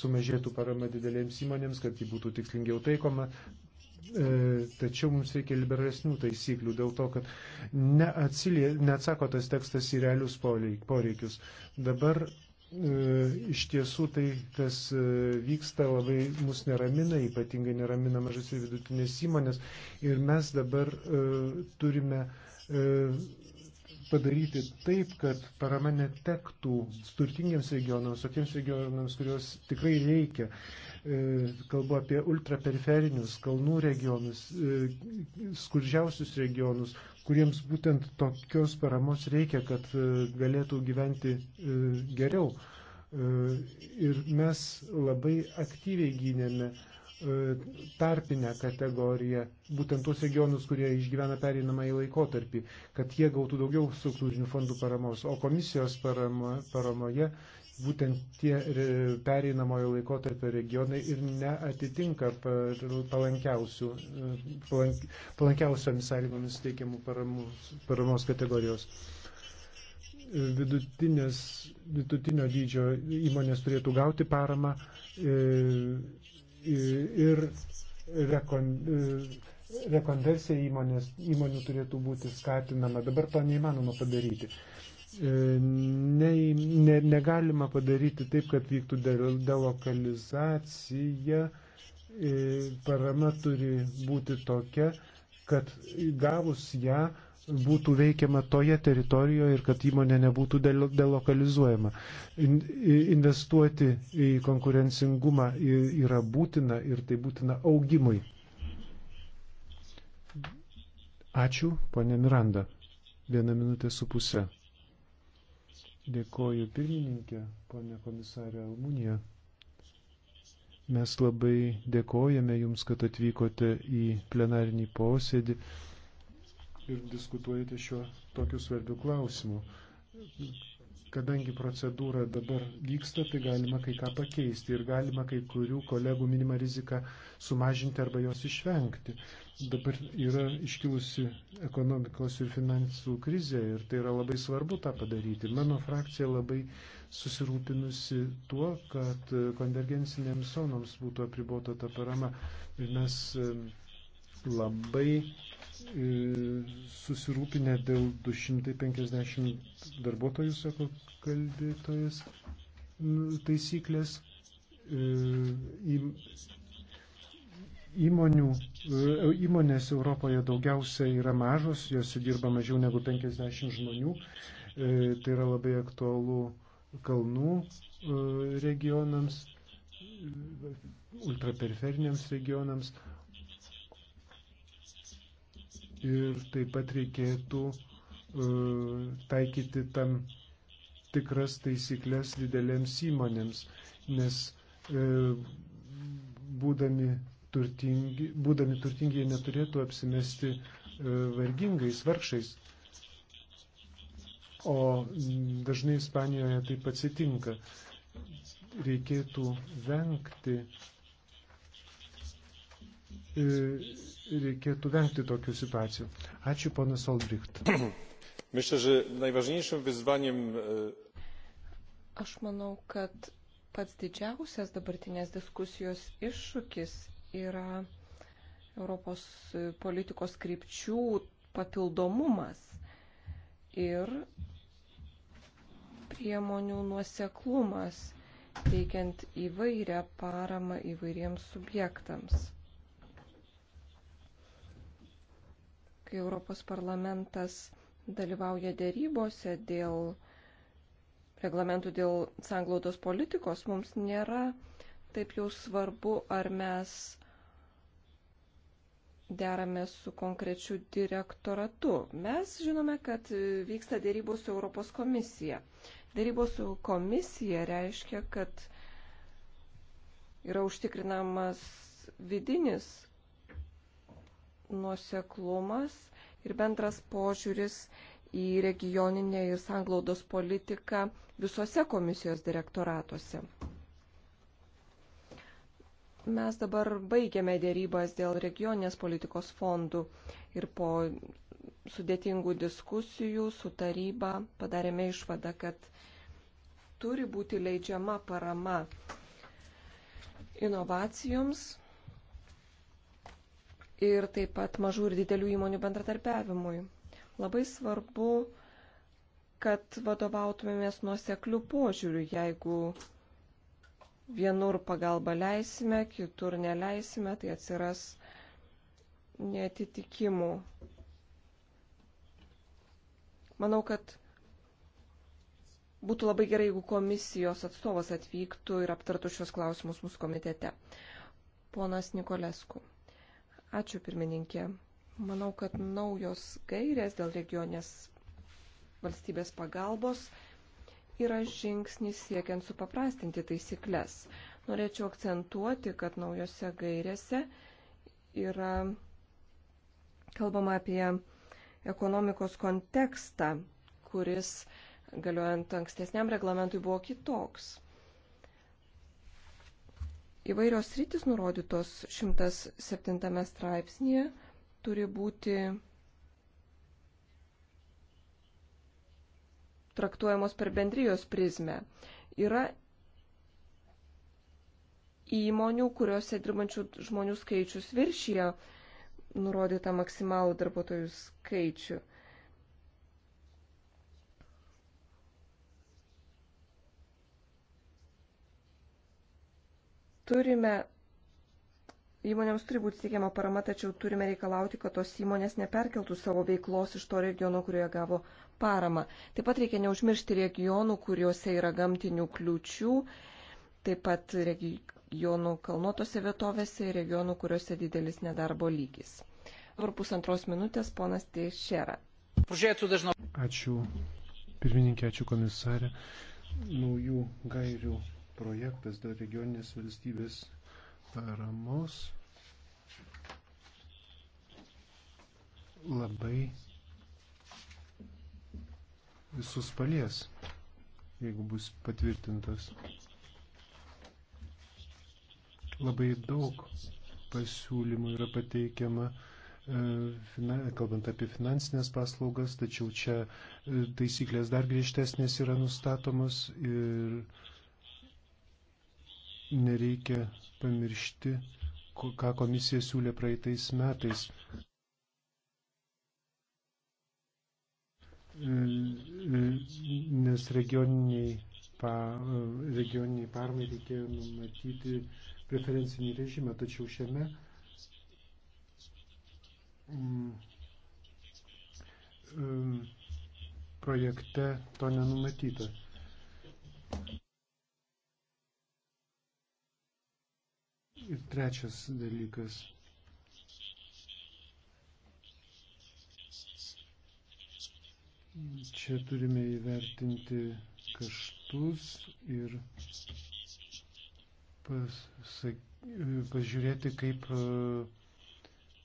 sumažėtų parama didelėms įmonėms, kad ji būtų tikslingiau taikoma, E, tačiau mums reikia liberalesnių taisyklių dėl to, kad neatsilie, neatsako tas tekstas į realius poreikius. Dabar e, iš tiesų tai, kas e, vyksta, labai mus neramina, ypatingai neramina mažas ir vidutinės įmonės. Ir mes dabar uh, turime uh, padaryti taip, kad parama netektų turtingiems regionams, tokiems regionams, kurios tikrai reikia. Uh, E, kalbu apie ultraperiferinius kalnų regionus, e, skurdžiausius regionus, kuriems būtent tokios paramos reikia, kad e, galėtų gyventi geriau. Ir mes labai aktyviai gynėme tarpinę kategoriją, būtent tuos regionus, kurie išgyvena pereinamą į laikotarpį, kad jie gautų daugiau struktūrinių fondų paramos, o komisijos parama, paramoje būtent tie pereinamojo laikotarpio regionai ir neatitinka palankiausių, palank, palankiausiamis sąlygomis teikiamų paramos, paramos kategorijos. Vidutinės, vidutinio dydžio įmonės turėtų gauti paramą e, ir rekon, e, rekonversija įmonės, įmonių turėtų būti skatinama. Dabar to neįmanoma padaryti. E, ne, ne, negalima padaryti taip, kad vyktų delokalizacija. E, parama turi būti tokia, kad gavus ją būtų veikiama toje teritorijoje ir kad įmonė nebūtų delokalizuojama. Investuoti į konkurencingumą yra būtina ir tai būtina augimui. Ačiū, ponė Miranda. Vieną minutę su pusę. Dėkoju pirmininkė, ponė komisarė Almunija. Mes labai dėkojame Jums, kad atvykote į plenarinį posėdį ir diskutuojate šiuo tokiu svarbiu klausimu. Kadangi procedūra dabar vyksta, tai galima kai ką pakeisti ir galima kai kurių kolegų minimą riziką sumažinti arba jos išvengti dabar yra iškilusi ekonomikos ir finansų krizė ir tai yra labai svarbu tą padaryti. Mano frakcija labai susirūpinusi tuo, kad konvergencinėms zonoms būtų apribota ta parama. Ir mes labai e, susirūpinę dėl 250 darbuotojų, sako kalbėtojas, taisyklės e, Įmonių, e, įmonės Europoje daugiausia yra mažos, juose dirba mažiau negu 50 žmonių. E, tai yra labai aktualu kalnų e, regionams, ultraperiferiniams regionams. Ir taip pat reikėtų taikyti tam tikras taisyklės didelėms įmonėms, nes būdami turtingi, būdami turtingi, jie neturėtų apsimesti e, vargingais, vargšais. O mm, dažnai Ispanijoje taip atsitinka. Reikėtų vengti, e, reikėtų vengti tokių situacijų. Ačiū, ponas Olbricht. Myślę, że najważniejszym wyzwaniem. E, Aš manau, kad pats didžiausias dabartinės diskusijos iššūkis yra Europos politikos krypčių papildomumas ir priemonių nuoseklumas, teikiant įvairią paramą įvairiems subjektams. Kai Europos parlamentas dalyvauja dėrybose dėl reglamentų dėl sanglaudos politikos, mums nėra taip jau svarbu, ar mes derame su konkrečiu direktoratu. Mes žinome, kad vyksta dėrybos su Europos komisija. Dėrybos su komisija reiškia, kad yra užtikrinamas vidinis nuoseklumas ir bendras požiūris į regioninę ir sanglaudos politiką visose komisijos direktoratuose. Mes dabar baigiame dėrybas dėl regioninės politikos fondų ir po sudėtingų diskusijų su taryba padarėme išvadą, kad turi būti leidžiama parama inovacijoms ir taip pat mažų ir didelių įmonių bendratarpiavimui. Labai svarbu, kad vadovautumėmės nuoseklių požiūrių, jeigu vienur pagalbą leisime, kitur neleisime, tai atsiras netitikimų. Manau, kad būtų labai gerai, jeigu komisijos atstovas atvyktų ir aptartų šios klausimus mūsų komitete. Ponas Nikolesku. Ačiū pirmininkė. Manau, kad naujos gairės dėl regionės valstybės pagalbos yra žingsnis siekiant supaprastinti taisyklės. Norėčiau akcentuoti, kad naujose gairėse yra kalbama apie ekonomikos kontekstą, kuris galiojant ankstesniam reglamentui buvo kitoks. Įvairios rytis nurodytos 107 straipsnėje turi būti traktuojamos per bendrijos prizmę. Yra įmonių, kuriuose dirbančių žmonių skaičius viršyje nurodytą maksimalų darbuotojų skaičių. Turime Įmonėms turi būti teikiama parama, tačiau turime reikalauti, kad tos įmonės neperkeltų savo veiklos iš to regiono, kurioje gavo paramą. Taip pat reikia neužmiršti regionų, kuriuose yra gamtinių kliučių, taip pat regionų kalnuotose vietovėse ir regionų, kuriuose didelis nedarbo lygis. Dabar pusantros minutės, ponas Teišera. Ačiū, pirmininkė, ačiū komisarė. Naujų gairių projektas dėl regioninės valstybės paramos labai visus palies, jeigu bus patvirtintas. Labai daug pasiūlymų yra pateikiama e, kalbant apie finansinės paslaugas, tačiau čia e, taisyklės dar griežtesnės yra nustatomos ir nereikia pamiršti, ką komisija siūlė praeitais metais. Nes regioniniai, pa, regioniniai parmai reikėjo numatyti preferencinį režimą, tačiau šiame mm, mm projekte to nenumatyta. Ir trečias dalykas. Čia turime įvertinti kaštus ir pasak, pažiūrėti, kaip e,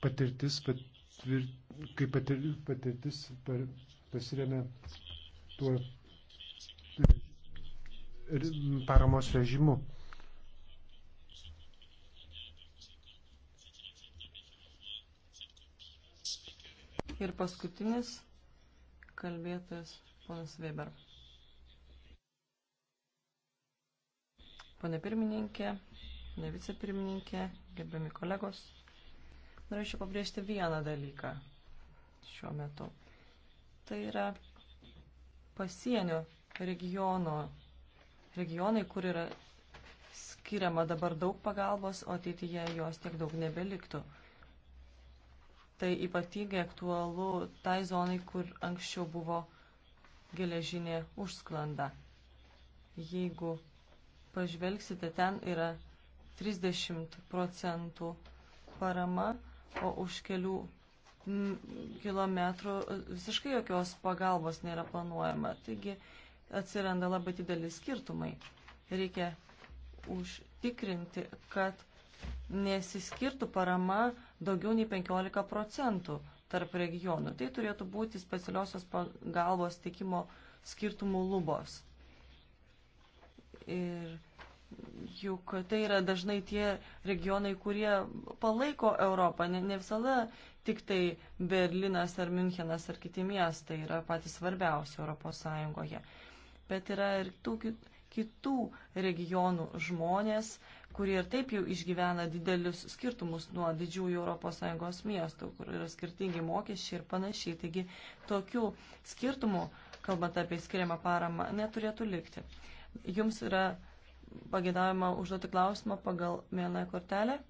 patirtis, patvir, kaip patir, patirtis per, pasiremia tuo paramos režimu. Ir paskutinis kalbėtojas ponas Weber. Pone pirmininkė, ne vicepirmininkė, gerbiami kolegos, norėčiau pabrėžti vieną dalyką šiuo metu. Tai yra pasienio regiono, regionai, kur yra skiriama dabar daug pagalbos, o ateityje jos tiek daug nebeliktų. Tai ypatingai aktualu tai zonai, kur anksčiau buvo geležinė užsklanda. Jeigu pažvelgsite, ten yra 30 procentų parama, o už kelių kilometrų visiškai jokios pagalbos nėra planuojama. Taigi atsiranda labai dideli skirtumai. Reikia užtikrinti, kad nesiskirtų parama daugiau nei 15 procentų tarp regionų. Tai turėtų būti specialiosios pagalbos tikimo skirtumų lubos. Ir juk tai yra dažnai tie regionai, kurie palaiko Europą, ne, ne visada tik tai Berlinas ar Münchenas ar kiti miestai yra patys svarbiausi Europos Sąjungoje. Bet yra ir tų kitų regionų žmonės, kurie ir taip jau išgyvena didelius skirtumus nuo didžiųjų ES miestų, kur yra skirtingi mokesčiai ir panašiai. Taigi tokių skirtumų, kalbant apie skiriamą paramą, neturėtų likti. Jums yra pagėdavimą užduoti klausimą pagal mėlyną kortelę?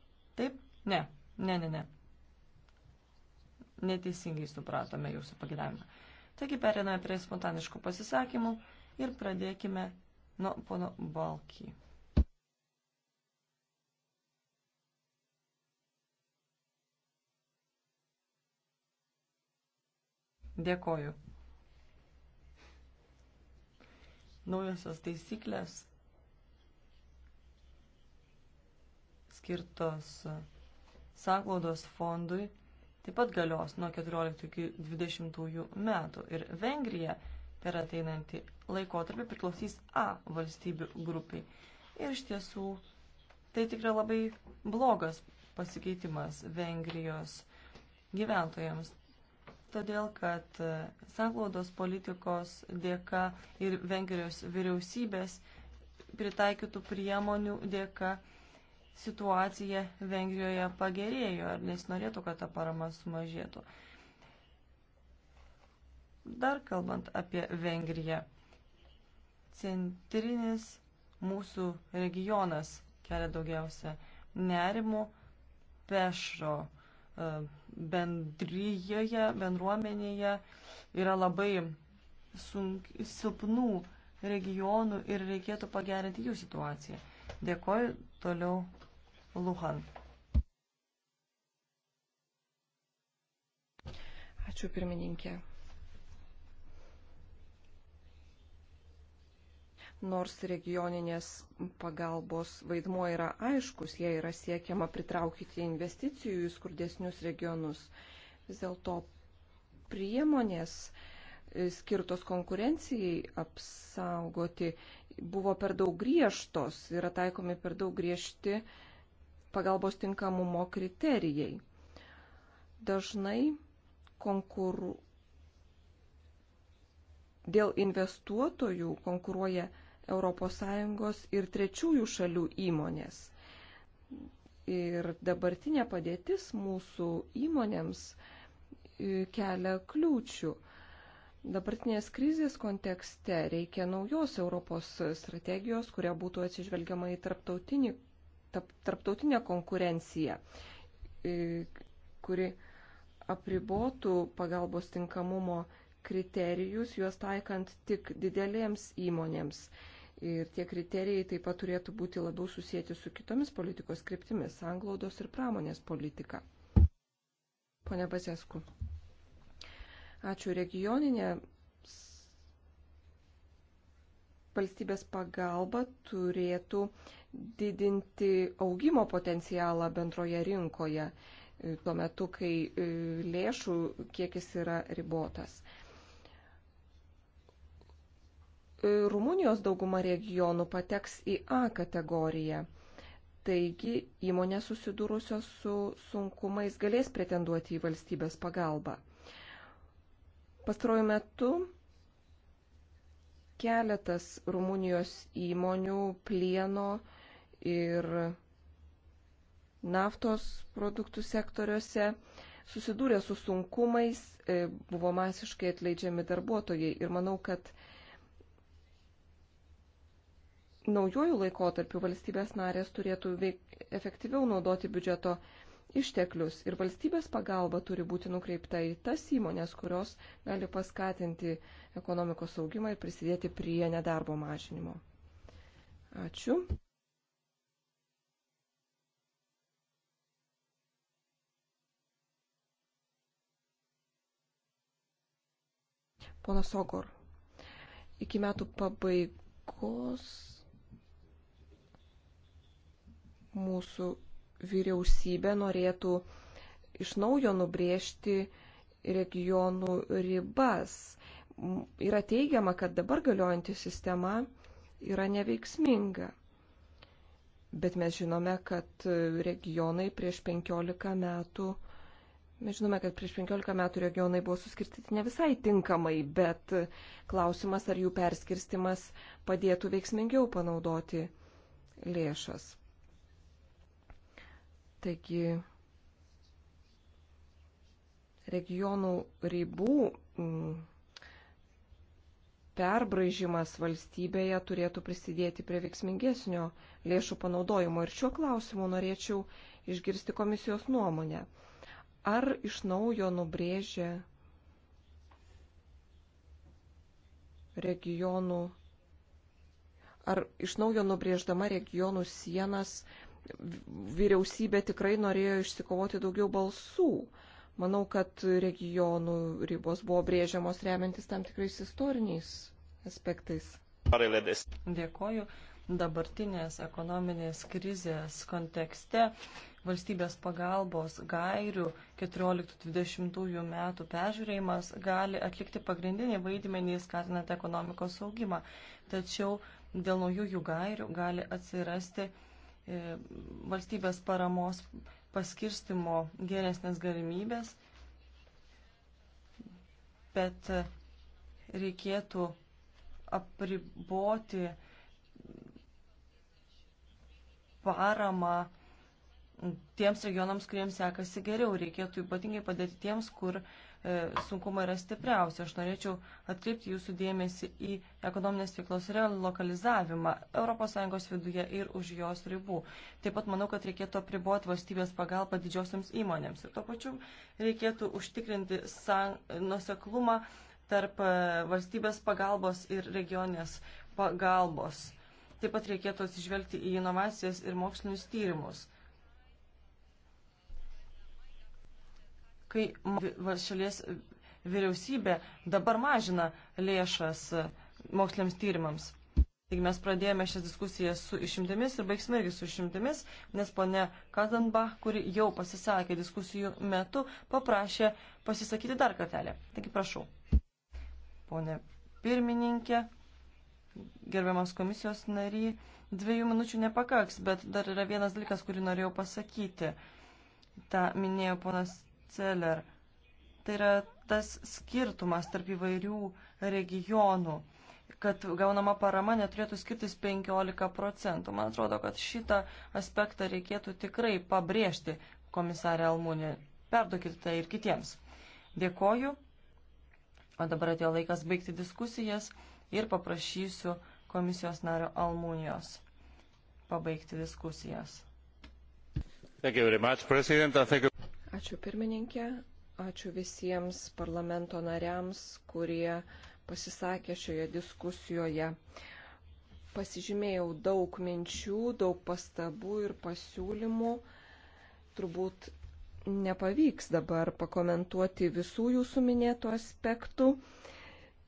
Taip? Ne. Ne, ne, ne. Neteisingai supratome jūsų pagėdavimą. Taigi periname prie spontaniškų pasisakymų ir pradėkime nuo pono Balky. Dėkoju. Naujosios taisyklės skirtos sąglaudos fondui taip pat galios nuo 14 iki 20 metų ir Vengrija per ateinantį laikotarpį priklausys A valstybių grupiai. Ir iš tiesų tai tikrai labai blogas pasikeitimas Vengrijos gyventojams todėl kad e, sanglaudos politikos dėka ir Vengrijos vyriausybės pritaikytų priemonių dėka situacija Vengrijoje pagerėjo ar nesinorėtų, kad ta parama sumažėtų. Dar kalbant apie Vengriją. Centrinis mūsų regionas kelia daugiausia nerimų. Pešro E, bendryjoje, bendruomenėje yra labai sunk, silpnų regionų ir reikėtų pagerinti jų situaciją. Dėkoju toliau Luhan. Ačiū pirmininkė. nors regioninės pagalbos vaidmuo yra aiškus, jie yra siekiama pritraukyti investicijų į skurdesnius regionus. Vis dėlto priemonės e, skirtos konkurencijai apsaugoti buvo per daug griežtos, yra taikomi per daug griežti pagalbos tinkamumo kriterijai. Dažnai konkur... dėl investuotojų konkuruoja ES ir trečiųjų šalių įmonės. Ir dabartinė padėtis mūsų įmonėms e, kelia kliūčių. Dabartinės krizės kontekste reikia naujos Europos strategijos, kuria būtų atsižvelgiama į tarptautinį, tarp, tarptautinę konkurenciją, e, kuri apribotų pagalbos tinkamumo kriterijus, juos taikant tik didelėms įmonėms. Ir tie kriterijai taip pat turėtų būti labiau susijęti su kitomis politikos kryptimis - anglaudos ir pramonės politika. Pone Bazesku. Ačiū regioninė. Valstybės pagalba turėtų didinti augimo potencialą bendroje rinkoje e, tuo metu, kai e, lėšų kiekis yra ribotas. Rumunijos dauguma regionų pateks į A kategoriją. Taigi įmonės susidūrusios su sunkumais galės pretenduoti į valstybės pagalbą. Pastaruoju metu keletas Rumunijos įmonių plieno ir naftos produktų sektoriuose susidūrė su sunkumais, e, buvo masiškai atleidžiami darbuotojai ir manau, kad naujojų laikotarpių valstybės narės turėtų veik, efektyviau naudoti biudžeto išteklius ir valstybės pagalba turi būti nukreipta į tas įmonės, kurios gali paskatinti ekonomikos augimą ir prisidėti prie nedarbo mažinimo. Ačiū. Ponas Ogor, iki metų pabaigos mūsų vyriausybė norėtų iš naujo nubrėžti regionų ribas. Yra teigiama, kad dabar galiojanti sistema yra neveiksminga. Bet mes žinome, kad regionai prieš 15 metų, mes žinome, kad prieš 15 metų regionai buvo suskirstyti ne visai tinkamai, bet klausimas, ar jų perskirstimas padėtų veiksmingiau panaudoti lėšas. Taigi regionų ribų mm, perbraižimas valstybėje turėtų prisidėti prie veiksmingesnio lėšų panaudojimo. Ir šiuo klausimu norėčiau išgirsti komisijos nuomonę. Ar iš naujo nubrėžė regionų, ar iš naujo nubrėždama regionų sienas vyriausybė tikrai norėjo išsikovoti daugiau balsų. Manau, kad regionų ribos buvo brėžiamos remiantis tam tikrais istoriniais aspektais. Dėkoju. Dabartinės ekonominės krizės kontekste valstybės pagalbos gairių 14-20 metų peržiūrėjimas gali atlikti pagrindinį vaidmenį skatinant ekonomikos augimą. Tačiau dėl naujųjų gairių gali atsirasti E, valstybės paramos paskirstimo geresnės galimybės, bet e, reikėtų apriboti paramą tiems regionams, kuriems sekasi geriau. Reikėtų ypatingai padėti tiems, kur uh, E, sunkumai yra stipriausi. Aš norėčiau atkreipti jūsų dėmesį į ekonominės veiklos relokalizavimą ES viduje ir už jos ribų. Taip pat manau, kad reikėtų apriboti valstybės pagalbą didžiosiams įmonėms. Ir tuo pačiu reikėtų užtikrinti nuseklumą tarp e, valstybės pagalbos ir regionės pagalbos. Taip pat reikėtų atsižvelgti į inovacijas ir mokslinius tyrimus. kai šalies vyriausybė dabar mažina lėšas e, moksliniams tyrimams. Taigi mes pradėjome šias diskusijas su išimtimis ir baigsime irgi su išimtimis, nes ponė Kazenbach, kuri jau pasisakė diskusijų metu, paprašė pasisakyti dar kartelį. Taigi prašau. Pone pirmininkė, gerbiamas komisijos nary, dviejų minučių nepakaks, bet dar yra vienas dalykas, kurį norėjau pasakyti. Ta minėjo ponas Celler. Tai yra tas skirtumas tarp įvairių regionų, kad gaunama parama neturėtų skirtis 15 procentų. Man atrodo, kad šitą aspektą reikėtų tikrai pabrėžti, komisarė Almūnė. Perduokite tai ir kitiems. Dėkoju. O dabar atėjo laikas baigti diskusijas ir paprašysiu komisijos nario Almūnijos pabaigti diskusijas. Much, Ačiū pirmininkė, ačiū visiems parlamento nariams, kurie pasisakė šioje diskusijoje. Pasižymėjau daug minčių, daug pastabų ir pasiūlymų. Turbūt nepavyks dabar pakomentuoti visų jūsų minėtų aspektų.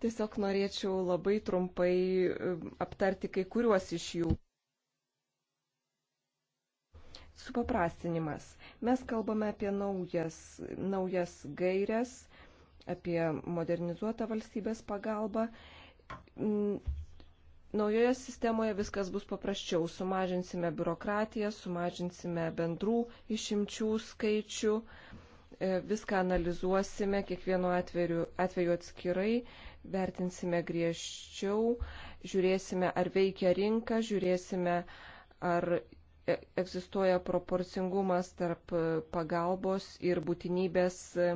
Tiesiog norėčiau labai trumpai e, aptarti kai kuriuos iš jų. Supaprastinimas. Mes kalbame apie naujas, naujas gairias, apie modernizuotą valstybės pagalbą. Mm, naujoje sistemoje viskas bus paprasčiau. Sumažinsime biurokratiją, sumažinsime bendrų išimčių skaičių, e, viską analizuosime kiekvienu atveju, atveju atskirai, vertinsime griežčiau, žiūrėsime, ar veikia rinka, žiūrėsime, ar E, egzistuoja proporcingumas tarp e, pagalbos ir būtinybės e,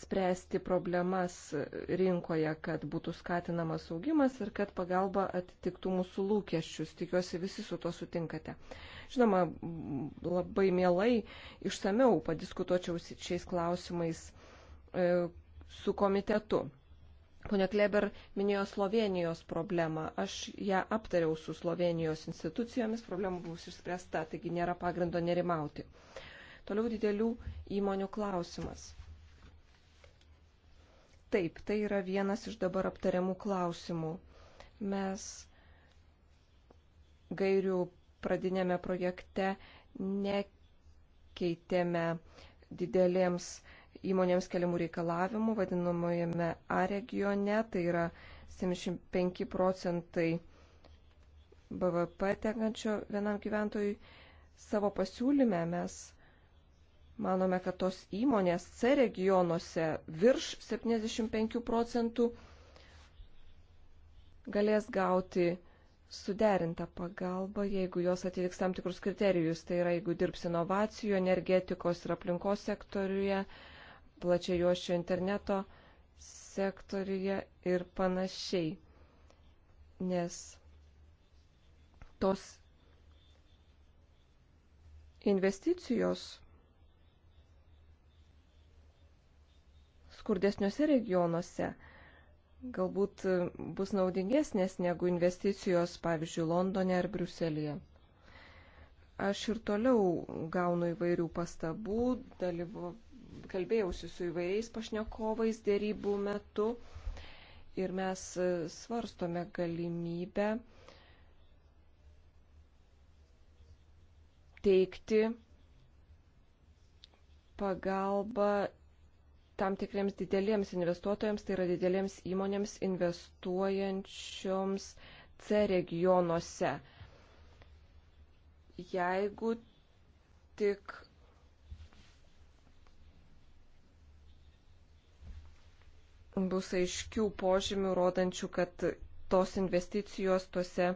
spręsti problemas rinkoje, kad būtų skatinamas augimas ir kad pagalba atitiktų mūsų lūkesčius. Tikiuosi, visi su to sutinkate. Žinoma, labai mielai išsameu padiskutuočiau šiais klausimais su komitetu. Pone Kleber minėjo Slovenijos problemą. Aš ją aptariau su Slovenijos institucijomis, problema bus išspręsta, taigi nėra pagrindo nerimauti. Toliau didelių įmonių klausimas. Taip, tai yra vienas iš dabar aptariamų klausimų. Mes gairių pradinėme projekte nekeitėme didelėms įmonėms keliamų reikalavimų vadinamojame A regione, tai yra 75 procentai BVP tenkančio vienam gyventojui. Savo pasiūlyme mes manome, kad tos įmonės C regionuose virš 75 procentų galės gauti suderintą pagalbą, jeigu jos atitiks tam tikrus kriterijus. Tai yra, jeigu dirbs inovacijų, energetikos ir aplinkos sektoriuje, plačiajuošio interneto sektoriuje ir panašiai. Nes tos investicijos skurdesniuose regionuose galbūt bus naudingesnės negu investicijos, pavyzdžiui, Londone ar Briuselėje. Aš ir toliau gaunu įvairių pastabų, dalyvau kalbėjausi su įvairiais pašnekovais dėrybų metu ir mes e, svarstome galimybę teikti pagalbą tam tikriems dideliems investuotojams, tai yra dideliems įmonėms investuojančioms C regionuose. Jeigu tik bus aiškių požymių, rodančių, kad tos investicijos tuose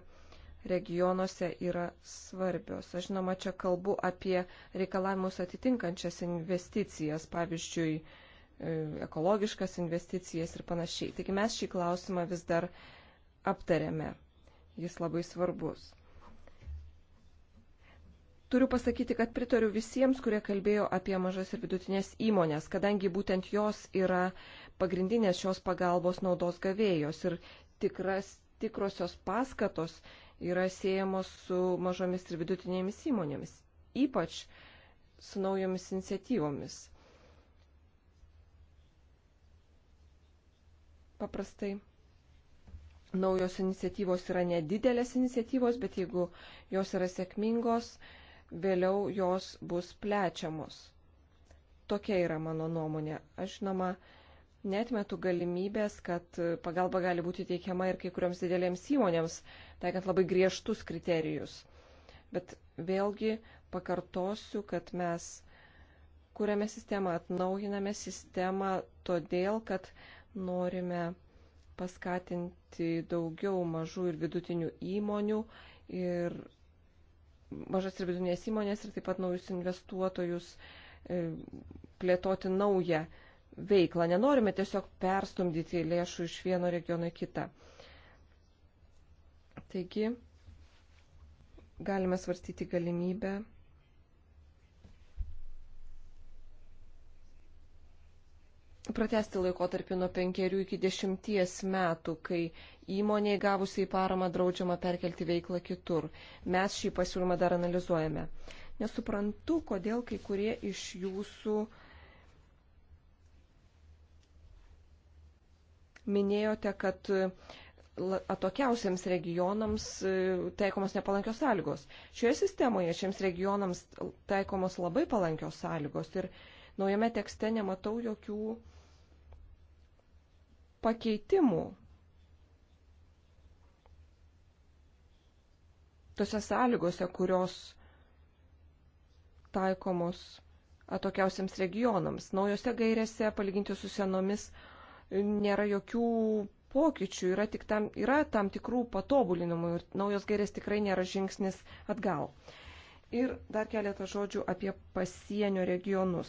regionuose yra svarbios. Aš žinoma, čia kalbu apie reikalavimus atitinkančias investicijas, pavyzdžiui, e, ekologiškas investicijas ir panašiai. Taigi mes šį klausimą vis dar aptarėme. Jis labai svarbus. Turiu pasakyti, kad pritariu visiems, kurie kalbėjo apie mažas ir vidutinės įmonės, kadangi būtent jos yra pagrindinės šios pagalbos naudos gavėjos ir tikras, tikrosios paskatos yra siejamos su mažomis ir vidutinėmis įmonėmis, ypač su naujomis iniciatyvomis. Paprastai naujos iniciatyvos yra nedidelės iniciatyvos, bet jeigu jos yra sėkmingos, vėliau jos bus plečiamos. Tokia yra mano nuomonė. Aš žinoma, netmetu galimybės, kad pagalba gali būti teikiama ir kai kurioms didelėms įmonėms, taikant labai griežtus kriterijus. Bet vėlgi pakartosiu, kad mes kuriame sistemą, atnaujiname sistemą todėl, kad norime paskatinti daugiau mažų ir vidutinių įmonių ir mažas ir vidutinės įmonės ir taip pat naujus investuotojus e, plėtoti naują veiklą. Nenorime tiesiog perstumdyti lėšų iš vieno regiono į kitą. Taigi, galime svarstyti galimybę pratesti laikotarpį nuo penkerių iki dešimties metų, kai įmonė įgavusiai paramą draudžiama perkelti veiklą kitur. Mes šį pasiūlymą dar analizuojame. Nesuprantu, kodėl kai kurie iš jūsų uh, minėjote, kad e, atokiausiams regionams e, taikomos nepalankios sąlygos. Šioje sistemoje šiems regionams taikomos labai palankios sąlygos ir naujame tekste nematau jokių pakeitimų. Tose sąlygose, kurios taikomos atokiausiams regionams. Naujose gairėse, palyginti su senomis, nėra jokių pokyčių, yra, tam, yra tam tikrų patobulinimų ir naujos gairės tikrai nėra žingsnis atgal. Ir dar keletą žodžių apie pasienio regionus.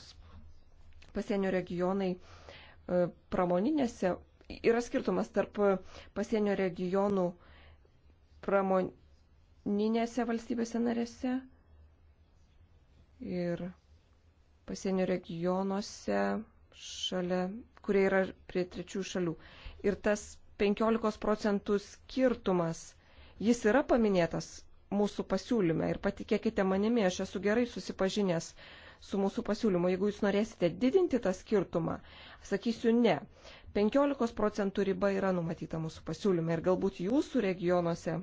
Pasienio regionai e, pramoninėse yra skirtumas tarp pasienio regionų pramoninėse valstybėse narėse ir pasienio regionuose šalia kurie yra prie trečių šalių. Ir tas 15 procentų skirtumas, jis yra paminėtas mūsų pasiūlyme ir patikėkite manimi, aš esu gerai susipažinęs su mūsų pasiūlymu. Jeigu jūs norėsite didinti tą skirtumą, sakysiu ne. 15 procentų riba yra numatyta mūsų pasiūlyme ir galbūt jūsų regionuose,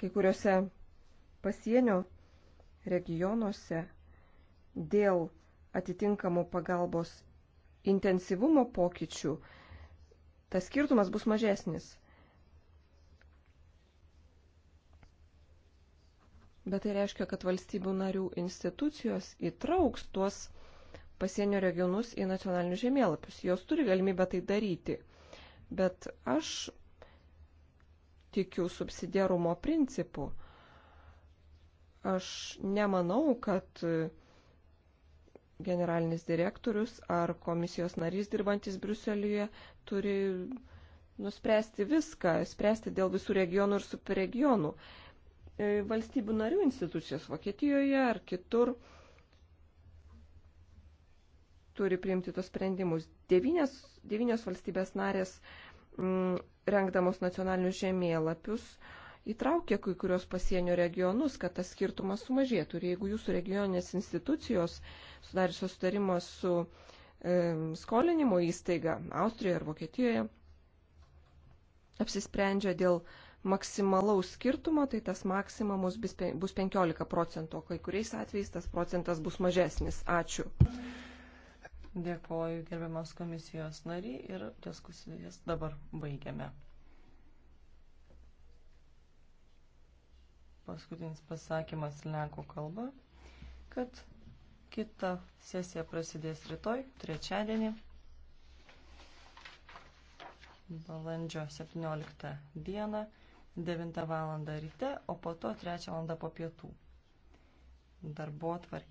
kai kuriuose pasienio regionuose dėl atitinkamų pagalbos intensyvumo pokyčių, tas skirtumas bus mažesnis. Bet tai reiškia, kad valstybių narių institucijos įtrauks tuos pasienio regionus į nacionalinius žemėlapius. Jos turi galimybę tai daryti. Bet aš tikiu subsidiarumo principu. Aš nemanau, kad generalinis direktorius ar komisijos narys dirbantis Briuseliuje turi nuspręsti viską, spręsti dėl visų regionų ir subregionų. E, valstybių narių institucijos Vokietijoje ar kitur turi priimti tos sprendimus. Devynės, devynios valstybės narės m, mm, rengdamos nacionalinius žemėlapius įtraukė kai kurios pasienio regionus, kad tas skirtumas sumažėtų. Ir jeigu jūsų regioninės institucijos sudariusios sutarimą su e, skolinimo įstaiga Austrijoje ar Vokietijoje apsisprendžia dėl maksimalaus skirtumo, tai tas maksimumus bus 15 procentų, o kai kuriais atvejais tas procentas bus mažesnis. Ačiū. Dėkoju gerbiamas komisijos nariai ir diskusijas dabar baigiame. paskutinis pasakymas Lenkų kalba, kad kita sesija prasidės rytoj, trečiadienį, balandžio 17 dieną, 9 val. ryte, o po to 3 val. po pietų. Darbo atvarkė.